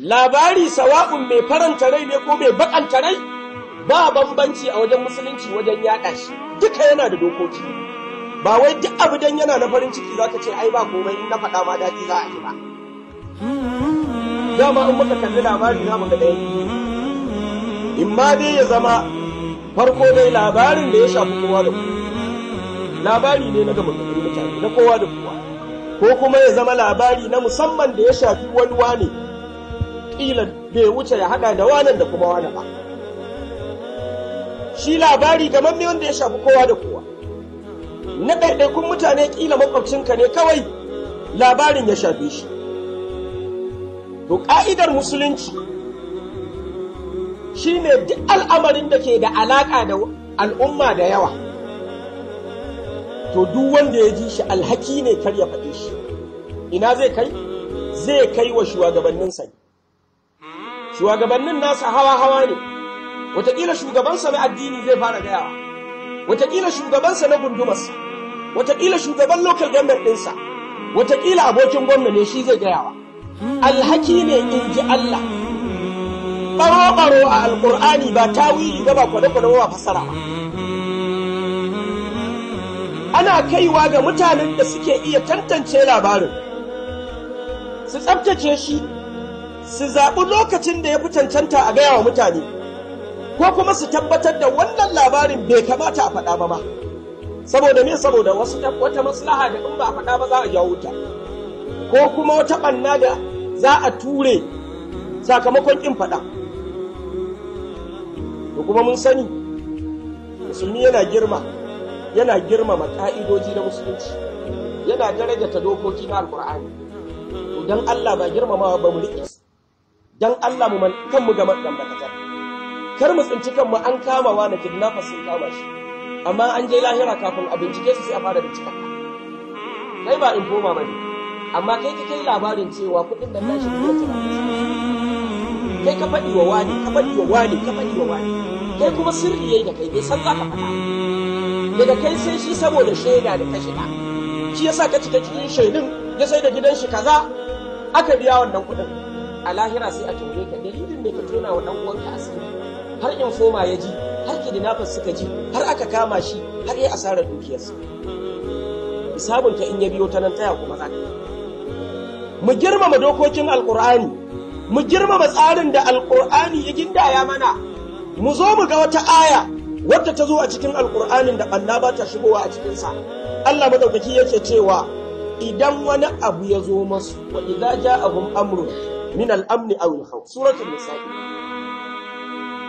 labari sawa'un mai faranta rai ne ko mai bakanta rai ba bambanci a wajen musulunci wajen yaɗa shi duka yana da dokoki ba wai duk abu dan yana na farin ciki za ka ce ai ba komai in na faɗa ma daɗi za a yi ba dama in muka kalli labari za mu ga ɗaya in ma dai ya zama farko dai labarin da ya shafi kowa da kowa labari ne na gama mutane na kowa da kowa ko kuma ya zama labari na musamman da ya shafi wani wane kila bai wuce ya haɗa da wanan da kuma wanan ba shi labari ga ne wanda ya shafi kowa da kowa na ɗaiɗaikun mutane kila makwabcinka ne kawai labarin ya shafe shi to ƙa'idar musulunci shi ne duk al'amarin da ke da alaƙa da al'umma da yawa to duk wanda ya ji shi alhaki ne kar ya faɗi shi ina zai kai zai kai wa shugabanninsa ne shugabannin nasa hawa-hawa ne wataƙila shugabansa na addini zai fara gayawa wataƙila shugabansa na gundumarsa wataƙila shugaban local government ɗinsa wataƙila abokin gwamna ne shi zai gayawa alhaki ne in ji Allah ɓaro-ɓaro a alƙur'ani ba ta ba ba kwale-kwale ba fasara ba ana kaiwa ga mutanen da suke iya tantance labarin su tsabtace shi su zaɓi lokacin da ya fi cancanta a gaya wa mutane ko kuma su tabbatar da wannan labarin bai kamata a faɗa ba ma saboda me saboda wasu wata maslaha da in ba a faɗa ba za a jawo ta ko kuma wata ɓanna da za a ture sakamakon ƙin faɗa da kuma mun sani musulmi yana girma yana girmama ƙa'idoji na musulunci yana darajata dokoki na alƙur'ani idan Allah ba girmamawa ba mu riƙe don Allah mu kanmu ga maɗamdakatar kar mu tsinci kanmu an kama wa na kidnappers sun kama shi amma an je lahira kafin a bincike su sai a fara bincika kai ba in koma bane amma kai ka kai labarin cewa kuɗin da nashi ne ta kai ka faɗi wa wani ka faɗi wa wani ka faɗi wa wani kai kuma sirri yayi da kai bai san za ka faɗa daga kai sai shi saboda shaida da kashi shiga shi yasa ka cika cikin shaidun ya sai da gidan shi kaza aka biya wannan kuɗin a lahira sai a tambaye ka dalilin da ka tona wa ɗan uwanka asiri har in foma ya ji har kidnappers suka ji har aka kama shi har ya asarar dukiyarsa hisabinka in ya biyo ta nan taya kuma zaka mu girmama dokokin alkur'ani mu girmama tsarin da alkur'ani ya gindaya mana mu zo mu ga wata aya wadda ta zo a cikin alkur'anin da banna ba ta shigowa a cikinsa Allah madaukaki yake cewa idan wani abu ya zo masu wa idza ja'ahum amrun min al'amni amn aw al-khawf suratul nisa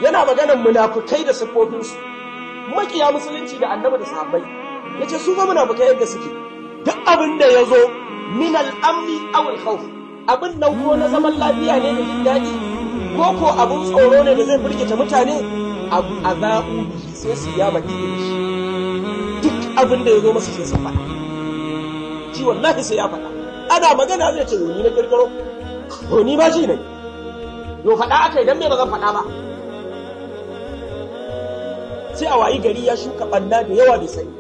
yana maganar munafukai da sifofinsu makiya musulunci da annaba da sahabbai yace su ga munafukai yadda suke duk abin da yazo min al'amni amni aw al-khawf abin nan ko na zaman lafiya ne da jin daɗi ko ko abin tsoro ne da zai burgita mutane abu azau sai su ya baki shi duk abin da yazo masa sai su faɗa ji wallahi sai ya faɗa ana magana zai ce ni na kirkiro to ni ba shi ne yo faɗa aka idan me ba zan faɗa ba sai a wayi gari ya shuka ɓanna da yawa bai sani